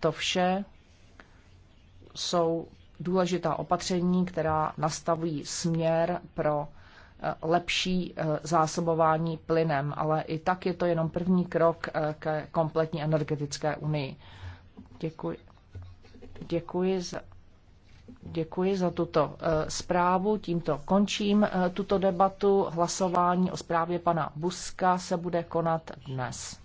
To vše jsou důležitá opatření, která nastavují směr pro eh, lepší eh, zásobování plynem, ale i tak je to jenom první krok eh, ke kompletní energetické unii. Děkuji. Děkuji za, děkuji za tuto zprávu. Tímto končím tuto debatu. Hlasování o zprávě pana Buska se bude konat dnes.